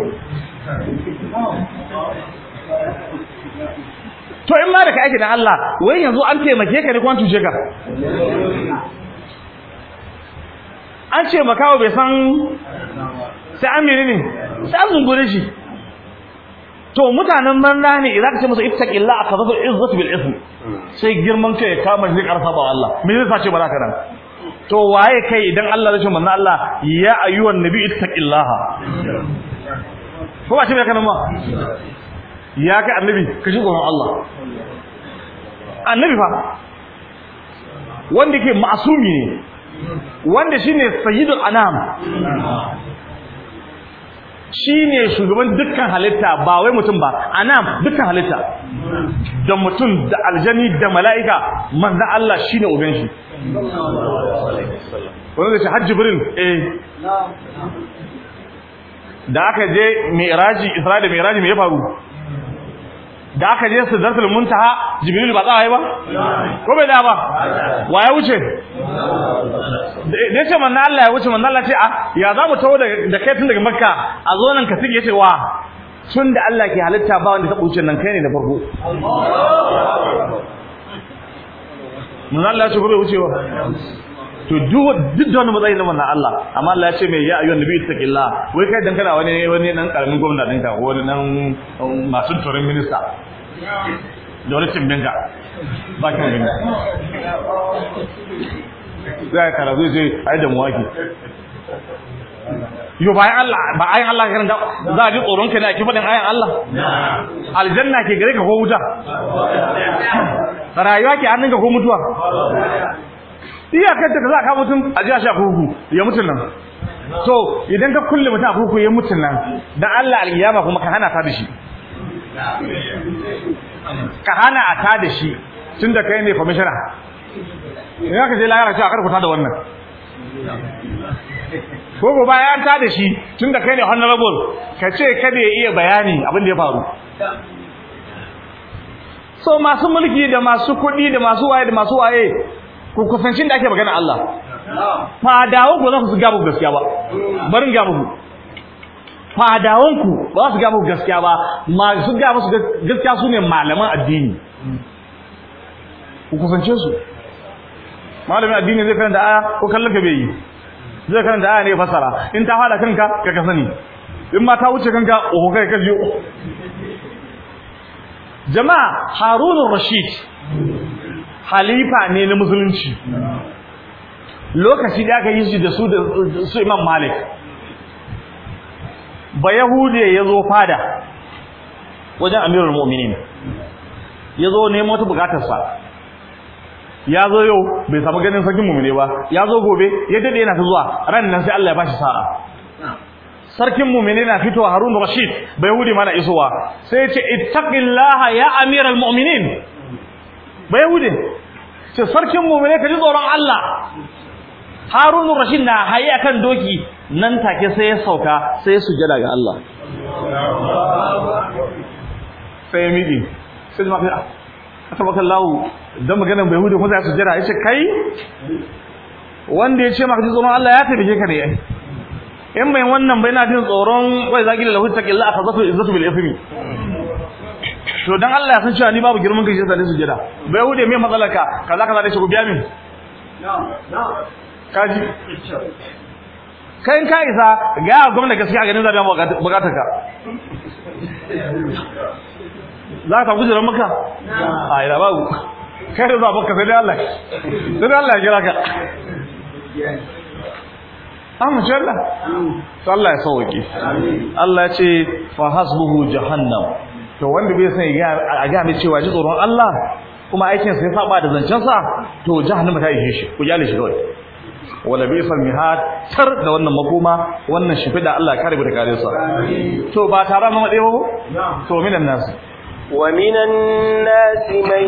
to in ma da ka yake da Allah wai yanzu an taimake ka ne ko an tushe ka an ce makawo bai san sai an ne sai an zungure shi to mutanen banza ne idan ka ce musu ittaqilla akhadathu izzat bil ism sai girman kai ya kama shi karfa ba Allah me zai sace ba ka nan to waye kai idan Allah zai ce manzo Allah ya ayyuhan nabi illaha? ko ba ce ba kana ma ya kai annabi ka shi tsoron Allah annabi fa wanda ke masumi ne wanda shine sayidu anam shine shugaban dukkan halitta ba wai mutum ba anam dukkan halitta da mutum da aljani da mala'ika na Allah shi ne uban shi da ce hajji birin eh da aka je mi'raji Isra'ila iraji me ya faru da aka je su zartul muntaha jibril ba tsawai ba ko bai da ba wa ya wuce da ce manna Allah ya wuce manna Allah ce a ah, ya za mu taho da kai tun daga makka a zo nan ka ya ce wa tun da Allah ke halitta ba wanda ta wuce nan kai ne da farko manna Allah ya ce ko bai wuce ba to duk da wani matsayi na manna Allah amma Allah ya ce mai ya ayyuhan nabi taqillah wai kai dan kana wani wani nan karamin gwamnati ɗinka wani nan um, masu turin minista da wani cimbinka ba kyau gani za a zai sai ai da muwaki yo bayan Allah ba ayin Allah karanta za a ji tsoron ka ne ake faɗin ayin Allah aljanna ke gare ka ko wuta rayuwa ke hannun ka ko mutuwa iyakar da za ka mutum a ji a sha kuku ya mutu nan so idan ka kulle mutum a kuku ya mutu nan da Allah alkiyama kuma ka hana ta da shi ka hana a ta da shi tun da kai ne kwamishina ya ka je lahira cewa karkuta da wannan ko ba ya ta da shi tun da kai ne honorable ka ce kada ya iya bayani abin da ya faru so masu mulki da masu kuɗi da masu waye da masu waye ku kusancin da ake magana Allah dawo ku za ku gabu gaskiya ba barin gabu fadawanku ba su ga gaskiya ba masu ga su gaskiya su ne malaman addini ku kusance su malamin addini zai karanta aya ko kallon ka bai yi zai karanta aya ne ya fasara in ta fada kanka ka ka sani in ma ta wuce kanka ohun kai ka jiyo jama'a harun rashid halifa ne na musulunci lokaci da aka yi shi da su da su imam malik ba yahude ya zo fada wajen amirul mu'minin ya zo nemo wata bukatarsa ya zo yau bai samu ganin sarkin mu'mine ba ya zo gobe ya dade yana ta zuwa ran nan sai Allah ya bashi sa'a sarkin mu'mine na fitowa Harun Rashid bai yahudi mana isowa sai ya ce ittaqillaha ya amiral mu'minin bai yahudi ce sarkin mu'mine ka ji tsoron Allah Harun Rashid na haye akan doki nan take sai ya sauka sai ya sujada ga Allah sai ya miƙe sai ma ka tabbatar lawo dan maganar bai hudu ko sai sujada yace kai wanda ya ce maka ji tsoron Allah ya tabbike ka ne in bai wannan bai na jin tsoron wai zaki la hutta a fazatu izzatu bil ifmi to dan Allah ya san cewa ni babu girman kai sai sujada bai hude matsalar ka, kaza kaza da shi ku biya min na'am na'am kaji kai ka isa ga gwamnati gaskiya ganin zabi mu bukatar ka za ka gujira maka a ira babu kai da zaɓar ka sai Allah sai dai Allah ya kira ka a shi to Allah ya sauke Allah ya ce fa hasbuhu jahannam to wanda bai san a ga mai cewa ji tsoron Allah kuma aikin sai saba da zancensa to jahannama ta yi shi ku jale shi kawai wala bi sal mihad tar da wannan makoma wannan shifida Allah kare da kare sa to ba tare mu matsayi ba to minan nasu ومن الناس من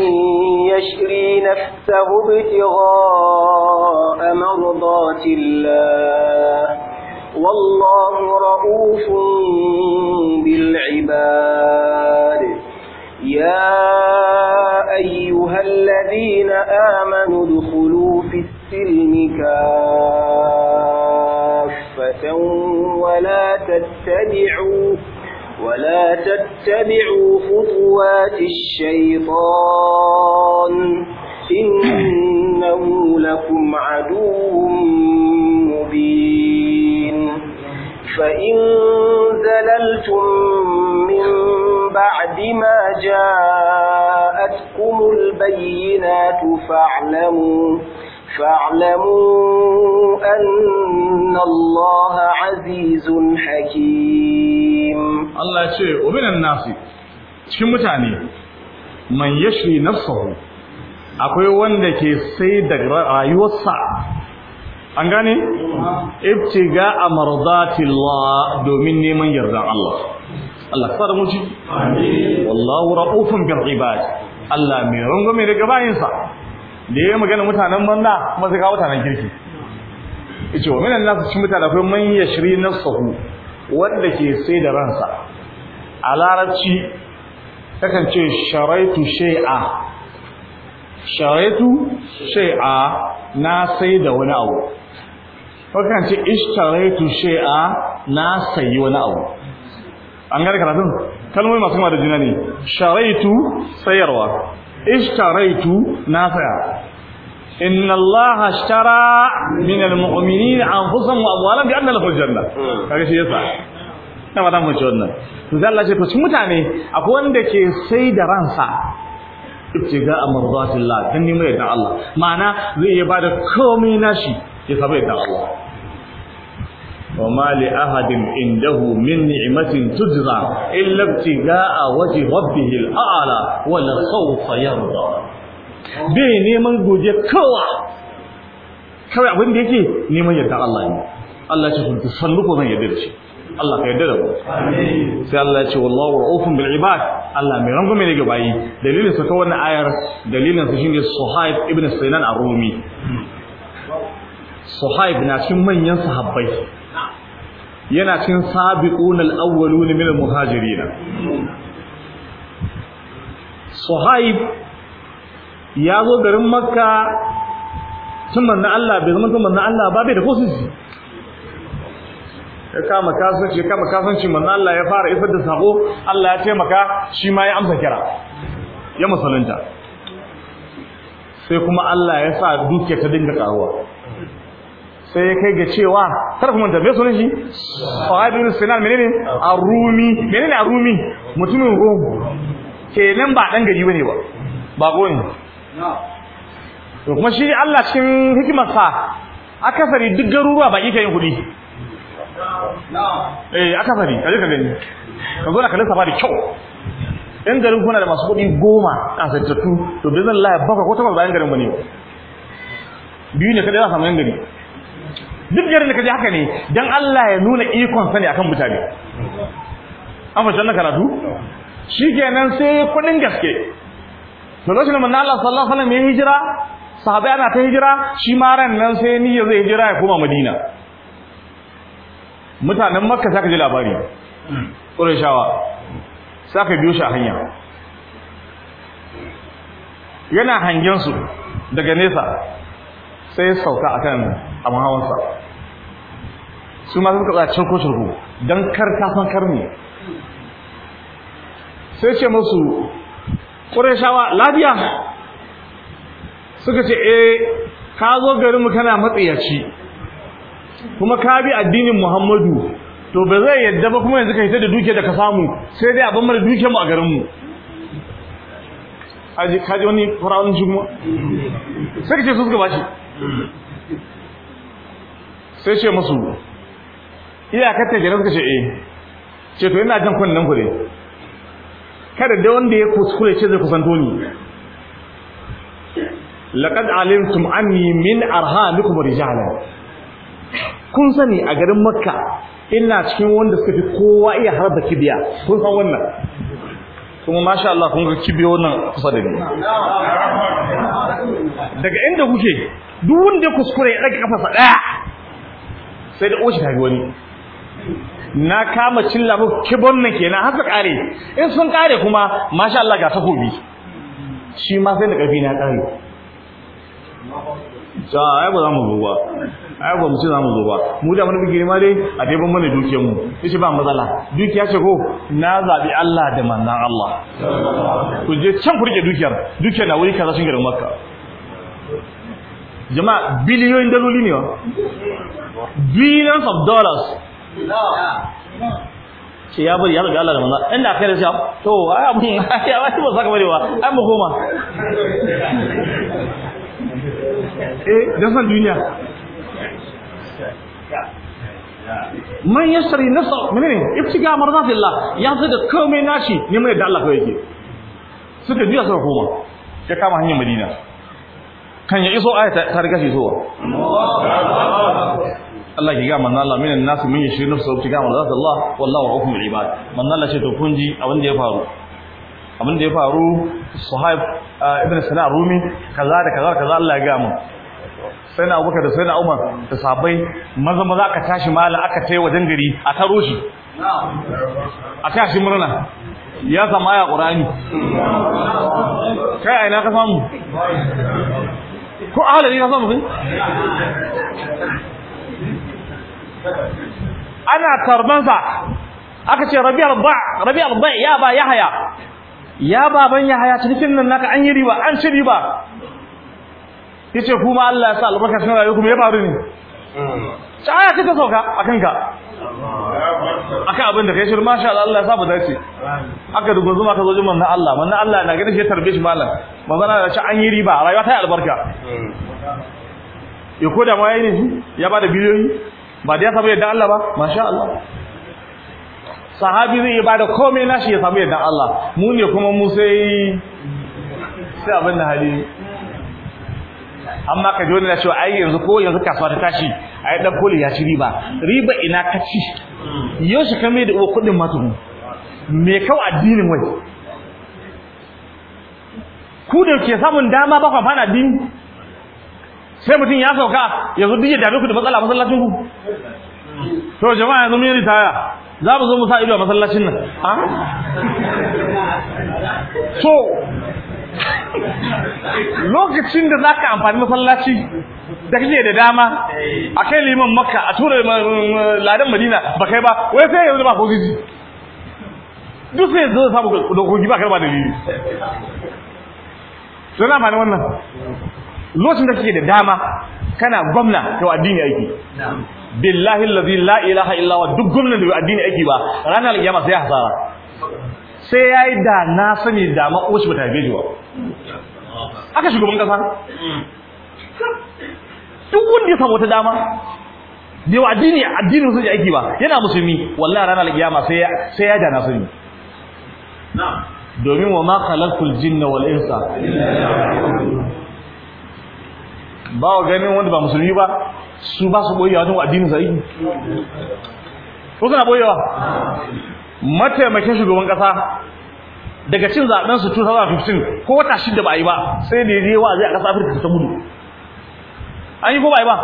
يشري نفسه ابتغاء مرضات الله والله رؤوف بالعباد يا أيها الذين آمنوا ادخلوا في السلم كافة ولا تتبعوا ولا تتبعوا خطوات الشيطان إنه لكم عدو مبين فإن زللتم من بعد ما جاءتكم البينات فاعلموا فاعلموا أن الله عزيز حكيم الله يقول ومن الناس cikin mutane man yashri nafsahu akwai wanda ke sai da rayuwarsa an gane ibtiga amardatillah domin neman yardan Allah Allah fara muci wallahu raufun bil ibad Allah mai rungume daga bayinsa da yi magana mutanen banza kuma kawo mutanen kirki ice wa minan nasu cin mutane akwai man na sahu wanda ke sai da ransa a larabci takan ce sharaitu shai'a sharaitu shai'a na sai da wani abu kan ce ishtaraitu shai'a na sayi wani abu an gane karatun kalmomi masu kuma da juna ne sharaitu sayarwa ishtaraitu na saya inna allaha ishtara min almu'minina anfusahum wa amwalahum bi anna lahum aljanna kaga shi yasa na madan mu wannan to sai Allah ce to mutane akwai wanda ke sai da ransa ibtiga amardatillah dan ne mai da Allah ma'ana zai iya bada komai nashi ya saba da Allah وما لأحد عنده من نعمة تجزى إلا ابتغاء وجه ربه الأعلى ولا خوف يرضى بيني neman goje kawa kawai abin da yake يدعى الله الله ne Allah ce sun sallu ko Allah ka yarda da mu sai Allah ce wallahu ra'ufun bil ibad Allah mai rangume ne ga bayi dalilin sa ta wannan ayar dalilin sa shine Suhaib ibn Sinan ar-Rumi Suhaib na cikin manyan sahabbai yana cin sabiqun al awwalun min al-muhajirin Suhaib ya zo garin Makka tun manna Allah bai zama tun manna Allah ba bai da kosinci ya kama kasance kama kasance manna Allah ya fara isar da sako Allah ya taimaka shi ma ya amsa kira ya musulunta sai kuma Allah ya sa duke ta dinga karuwa sai ya kai ga cewa kada manta mai sunan shi Sa'ad ibn Sinan menene ne menene rumi? mutumin Ke nan ba ɗan gari bane ba bako ne kuma shi Allah cikin hikimarsa kasari duk garuruwa baki kayin kudi eh A kasari, ka gani ka zo na kallon safa da kyau Yan garin kuna da masu kuɗi goma a sattattu to bai zan laya baka ko takwas bayan garin ba ne biyu ne kada za a samu yan gari duk garin da kaje haka ne dan Allah ya nuna ikon sani akan mutane an fahimci wannan karatu shikenan sai kudin gaske to lokacin da manzo Allah sallallahu alaihi wasallam ya hijira sahabai ana ta hijira shi ma ran nan sai ya zai hijira ya koma Madina mutanen Makka saka ji labari Qurayshawa saka biyo shi a hanya yana hangen su daga nesa sai sauka akan a mahawansa su ma suka tsaya cirko cirko don kar ta san kar ne sai ce musu ƙurashawa lafiya suka ce eh ka zo garin mu kana matsayaci kuma ka bi addinin Muhammadu to ba zai yadda ba kuma yanzu ka hita da duke da ka samu sai dai abin mara duke mu a garin mu aji kaji wani faraunin shi kuma sai ka ce su suka bashi sai ce musu iyakar ta kenan suka ce eh ce to yana jan kunnen ku ne kada da wanda ya kuskure ce zai kusanto ni laqad alimtum anni min arhamikum rijala kun sani a garin makka ina cikin wanda suka fi kowa iya harba kibiya kun san wannan kuma masha Allah kun ga kibiya wannan kusa da ni daga inda kuke duk wanda ya kuskure ya rage kafarsa daya sai da ushi ta wani na kama cilla muku kibon nan kenan har su kare in sun kare kuma masha Allah ga takobi shi ma sai da karfi na kare sa ai ba za mu zuwa ai ba mu ce za mu zo ba mu da wani bigire ma dai a dai mana dukiyar mu ce ba matsala dukiya ce ko na zaɓi Allah da manzon Allah ku je can ku rike dukiyar dukiyar na wuri kaza shi garin Makka jama'a biliyoyin daloli ne wa billions of dollars ce ya bari ya riga Allah da manzo inda kai da shi to ai abun ya wai ba saka barewa ai mu koma eh don san duniya man yasri nasa menene ibtiga mardatillah ya zai da komai nashi ne mai da Allah kawai yake suka juya suka koma ya kama hanyar Madina kan ya iso aya ta riga shi zuwa Allah ki gama na Allah minan nasu mun yashri nafsu ki ga manzo Allah wallahu rahum bil ibad manzo Allah ce to kun ji abin da ya faru abin da ya faru sahib ah, ibn Sina rumi kaza da kaza kaza Allah ya gama. sai na abubakar da sai na umar da sabai maza maza aka tashi mala aka tai wajen gari a taro shi a tashi murna ya sama ya qur'ani kai aina ka samu ko ahalari ka samu ana tarbansa aka ce rabi arba rabi ba ya ba yahya ya baban yahya cikin nan naka an yi riba an ci riba yace kuma Allah ya sa albarka sun rayu kuma ya faru ne ta aya kika sauka akan ka aka abin da kai masha Allah Allah ya sa ba dace aka dubo zuma ka zo jin manna Allah manna Allah na ganin shi tarbe shi malam manzana da shi an yi riba rayuwa ta albarka hmm. ya koda ma yayi ne ya bada biliyoyi ba da ya samu yadda Allah ba masha Allah sahabi zai bada komai nashi ya samu yadda Allah mu ne kuma mu sai sai abin da hali amma ka ji wani na cewa ai yanzu ko yanzu kasuwa ta tashi a yi koli ya ci riba riba ina ka ci yau shi kame da kuɗin matu me kawo addinin wai ku da ke samun dama ba fana addini sai mutum ya sauka yanzu duk ya dame ku da matsala masallacin ku to jama'a yanzu mun ritaya za mu zo mu sa ido a masallacin nan a ah? so lokacin da za ka amfani masallaci da kake da dama a kai liman makka a tura ladan madina ba kai ba wai sai yanzu ba ko gizi duk sai zo samu dokoki ba kai ba dalili na amfani wannan lokacin da kake da dama kana gwamna to addini aiki billahi allazi la ilaha illa huwa duk gwamnan da bai addini aiki ba ranar alkiyama sai hasara sai yayi da na sani da ma ushi bata gaji ba aka shugaban kasa duk wanda ya samu wata dama bai wa addini addini sun ji aiki ba yana musulmi wallahi ranar alkiyama sai sai ya da na sani domin wa ma khalaqul jinna wal insa ba wa ganin wanda ba musulmi ba su ba su boyewa don addinin yi ko kana boyewa mataimakin shugaban kasa daga cin zaben su 2015 ko wata shida ba a yi ba sai da wa zai a kasar Afirka ta gudu an yi ko ba yi ba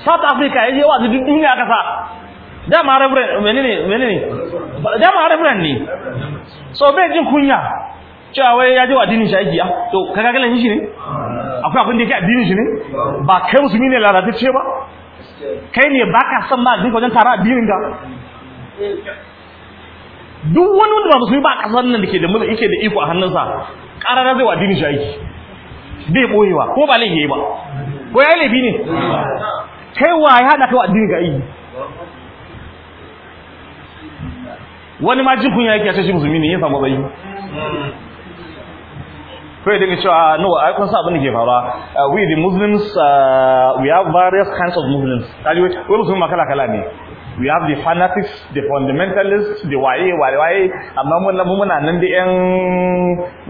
South Africa je wa zai duniya a kasa dama reverend menene menene dama reverend ne so bai jin kunya cewa wai ya ji addinin shi aiki ah, to kaga galan shi ne akwai abin da yake addinin shi ne ba kai musulmi ne lalatacce ba kai ne baka san ma addinin wajen tara addinin ka duk wani wanda ba musulmi ba kasar nan da ke da mulki yake da iko a hannunsa karara zai wa addinin shi aiki bai boyewa ko ba laifi ba ko ya laifi ne kai wa ya hada kai wa addinin ka aiki wani ma jin kunya yake a ce shi musulmi ne ya samu bai sai dinga cewa no ai kun sa abin da ke faruwa uh, we the muslims uh, we have various kinds of muslims kaji wai musulmi ma kala kala ne we have the fanatics the fundamentalists the waye waye waye amma mun mun muna nan da yan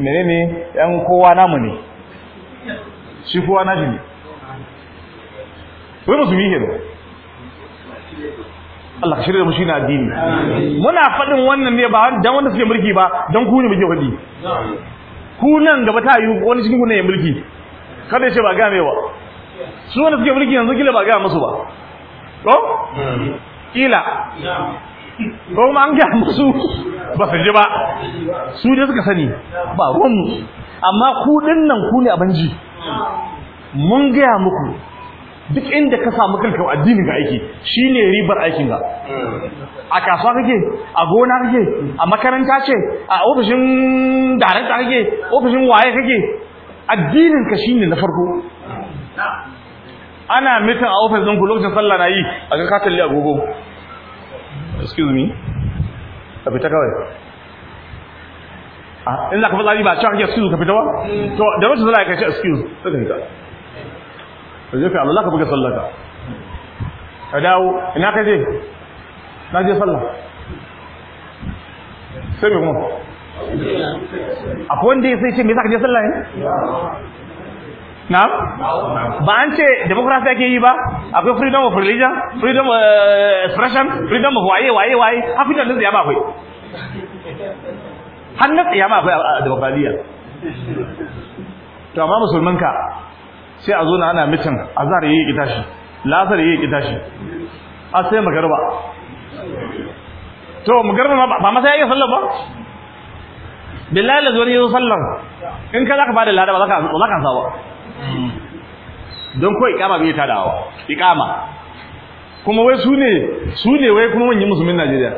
menene yan kowa namu ne shi kowa na ne wai musulmi ne Allah ka shirya mu shi na addini muna fadin wannan ne ba dan wanda suke mulki ba dan ku ne muke fadi ku nan gaba ta yi wani cikin kunan ne ya mulki kada ce ba ga mai ba su wanda suke mulki yanzu kila ba ga musu ba ko kila ko kuma an ga musu ba su ji ba su ne suka sani ba ruwan amma ku nan ku ne abanji mun gaya muku duk inda ka samu kanka addinin ka aiki shine ribar aikin ka a kasuwa kake a gona kake a makaranta ce a ofishin darakta kake ofishin waye kake addinin ka shine na farko ana mitin a ofis ɗinku lokacin sallah na yi a ga kakalli agogo excuse me ka fita kawai ah, in za ka tsari ba a cewa kake excuse ka fita ba to da wacce sallah ka ce excuse ka fita ka je ka alwala ka buga sallah ka dawo ina ka je na je sallah sai mai kuma a akwai da ya sai ce mai za je sallah ne na ba an ce demokrasi ake yi ba akwai freedom of religion freedom of eh, expression freedom of waye waye waye hafi da ya ba akwai hannun na akwai a demokradiyya to amma musulmanka sai a zo na ana mitin azhar yayi kitashi lazar yayi kitashi a sai magarba to magarba ba ma sai yayi sallar ba billahi la zuwa yayi sallar in ka zaka bada lada ba zaka zaka sawa don ko ikama bai tadawa ikama kuma wai su ne su ne wai kuma manyan musulmin Najeriya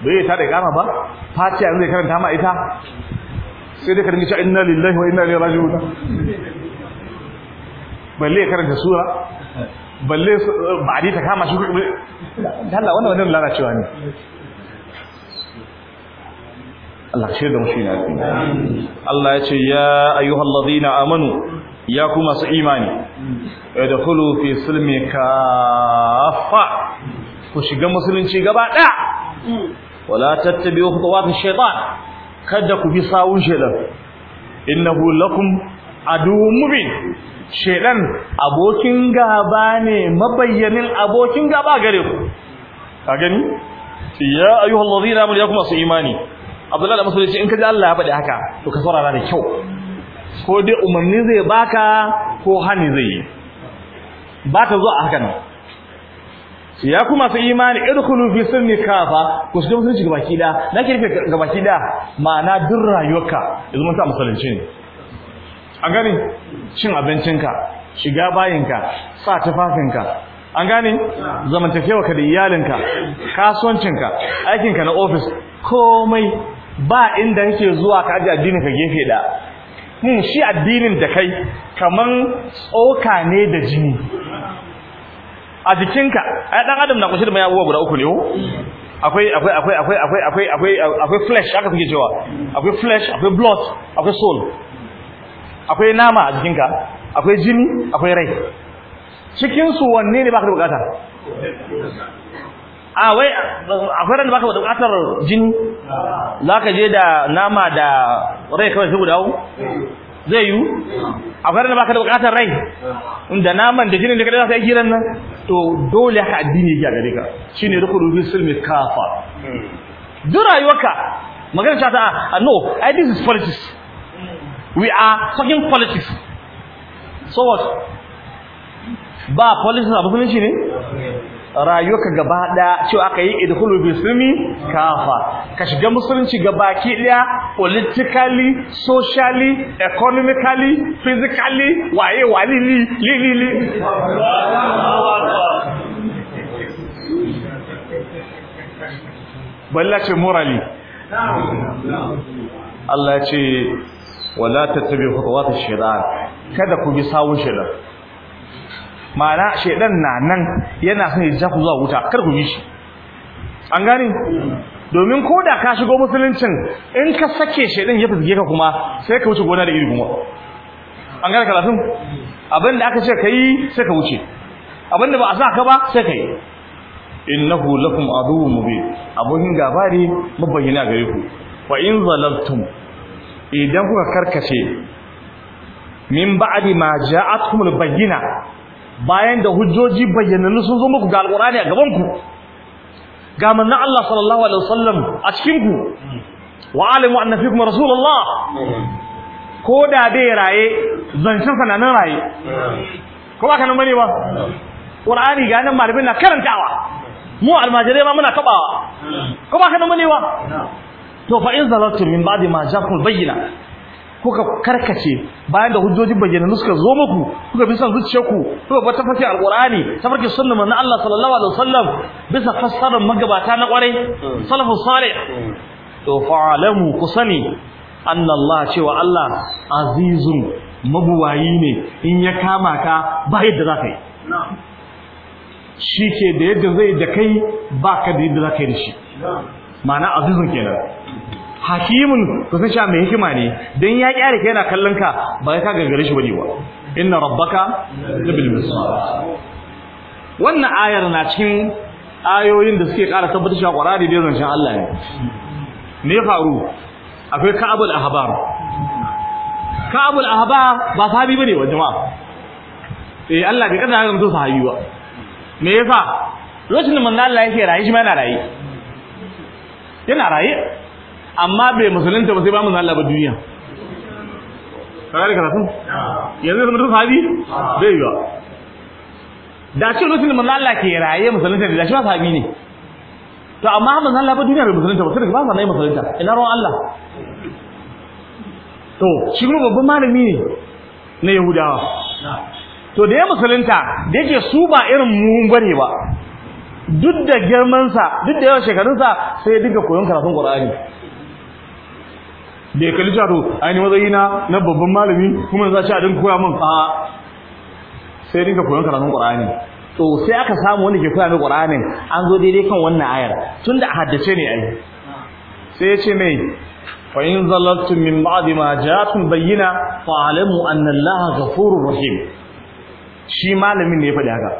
bai ta da ikama ba fatiha zai karanta ma ita sai dai ka dinga cewa inna lillahi wa inna ilaihi raji'un balle karanta sura balle eh, ba'adi ta kama shi Allah wannan wannan lalacewa ne Allah shirya mu shi lafiya Allah ya ce ya ayyuhal na amanu ya kuma su imani da yadkhulu fi silmi kafa. ku shiga musulunci gaba ɗaya. wala tattabi'u khutuwat ash-shaytan kada ku bi sawun shaytan innahu lakum aduwwun mubin shedan abokin gaba ne mabayyanin abokin gaba gare ku ka gani ya ayyuhal ladina amanu yakum su imani abdullahi da ce in kaji Allah ya faɗi haka to ka saurara da kyau ko dai umarni zai baka ko hani zai yi ba ta a haka nan ya kuma su imani idkhulu fi sunni kafa ku shiga musulunci gabaki da na kirfe gabaki da ma'ana duk rayuwarka yanzu mun sa musulunci ne an gani cin abincinka shiga bayinka sa tufafinka an gane zamantakewarka da iyalinka kasuwancinka aikinka na ofis komai ba inda yake zuwa ka ajiye addinin ka gefe da hmm shi addinin da kai kaman tsoka ne da jini a jikinka ai dan adam na kunshi da mai abubuwa guda uku ne o oh. akwai akwai akwai akwai akwai akwai akwai flesh haka ke cewa akwai flesh akwai blood akwai soul akwai nama a jikinka akwai jini akwai rai cikin su wanne ne baka da bukata a wai akwai ran da baka da bukatar jini za ka je da nama da rai kawai sai guda zai yi akwai ran da baka da bukatar rai inda naman da jini da kada za su yi ran nan to dole haka addini yake a gare ka shine rukunu bil silmi kafa hmm. duk rayuwarka magana ta a no i this is politics we are talking politics so what ba politics abu ne shi ne rayuwarka gaba daya cewa aka yi idkhulu bi sunni kafa ka shiga musulunci gaba ki daya politically socially economically physically waye wali li li li balla ce morally Allah ce wala tattabi khutuwat ash-shaytan kada ku bi sawun shaytan ma'ana shaytan na nan yana son ya ja ku zuwa wuta kar ku bi shi an gane domin ko da ka shigo musuluncin in ka sake shaytan ya fizge ka kuma sai ka wuce gona da iri kuma an gane karatun abin da aka ce kai sai ka wuce abin da ba a sa ka ba sai ka yi innahu lakum aduwwun mubin abokin gaba ne mabayyana gare ku fa in zalaltum idan kuka karkace min ba'di ma ja'atkumul bayyina bayan da hujjoji bayyanannu sun zo muku ga alqur'ani a gaban ku ga manna Allah sallallahu alaihi wasallam a cikin ku wa alimu anna fikum rasulullah ko da dai raye zancen nan raye ko ba kana bane ba qur'ani ga nan malamin na karantawa mu almajirai ma muna kabawa ko ba kana bane ba to fa in zalaltum min ba'di ma ja'akum bayyina kuka karkace bayan da hujjoji bayyana suka zo muku kuka bi san ku kuka ba tafarki alqur'ani tafarki sunna manzon Allah sallallahu alaihi wasallam bisa fassarar magabata na kware, salafu salih to alamu kusani anna Allah cewa Allah azizun mabuwayi ne in ya kama ka ba yadda ka yi shi ke da yadda zai da kai ba ka da yadda za ka yi da shi ma'ana azizun kenan hakimun ku sun sha mai hikima ne dan ya kyara ka yana kallon ka ba ka gagare shi bane ba inna rabbaka labil mirsad wannan ayar na cikin ayoyin da suke ƙara tabbatar shi Qur'ani da zancen Allah ne me faru akwai Ka'abul Ahbar Ka'abul ahba ba sahabi bane wa jama'a eh Allah bai kada ga mutum sahabi ba me yasa lokacin da manzo Allah yake rayi shi ma yana raye yana raye amma bai musulunta ba sai ba mu Allah ba duniya kare karatu yanzu zama tun sahabi bai yiwa da ce lokacin da manzo Allah ke raye musulunta da shi ba sahabi ne to amma manzo Allah ba duniya bai musulunta ba sai ba sa nayi musulunta ina ruwan Allah to shi kuma babban malami ne na Yahudawa to da ya musulunta da yake su ba irin mu bane ba duk da girmansa duk da yawan shekarunsa sai ya dinga koyon karatun Qur'ani da ya kalli to ainihin matsayi na na babban malami kuma za ci a dinka koya min a sai dinka koyon karamin qur'ani to sai aka samu wanda ke koya min qur'anin an zo daidai kan wannan ayar da a haddace ne ai sai ya ce mai fa in min ba'di ma ja'akum bayyina fa alamu anna allaha ghafurur rahim shi malamin ne ya faɗi haka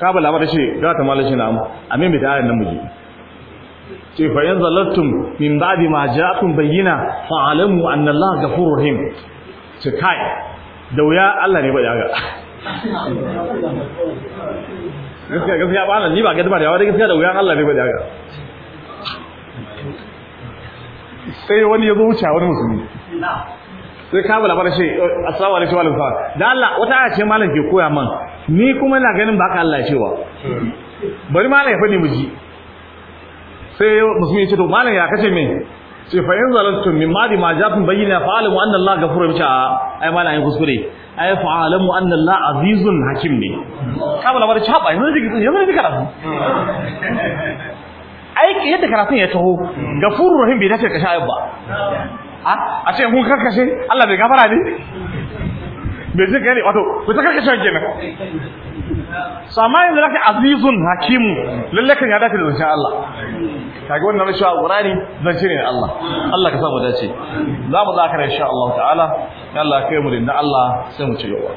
ka bala ce ga ta malamin na amin bi da ayar nan muje ce fa in zalaltum min ba'di ma ja'akum bayyana fa alamu anna Allah ghafurur rahim ce kai da wuya Allah ne ba ya ga gaskiya gaskiya ba nan ni ba da yawa gaskiya da wuya Allah ne ba ya ga sai wani ya zo wuce wani musulmi sai ka bala bara shi assalamu alaikum wa alaikum da Allah wata aya ce malam ke koya man ni kuma ina ganin baka Allah cewa bari malam ya fadi miji sai musulmi ya ce to malam ya kace me sai fa in zalaltum min ma ma ja'akum bayyana fa alam anna Allah ghafurun bi a ai malam ai kuskure ai fa alam anna Allah azizun hakim ne kaba labar chaba yanzu jiki yanzu jiki karatu ai yadda karatun ya taho ghafurur rahim bai ta ka sha'ib ba a ce mun karkashe Allah bai gafara ne Me zai ne wato ku ta karkashe kenan so amma yanzu zaka azizun hakim lalle kan ya dace da insha Allah kage wannan rashin alqurani zan cire ni Allah Allah ka sa mu dace za mu zakara insha Allah ta'ala Allah kai mu da Allah sai mu ci gaba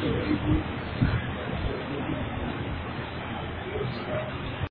Thank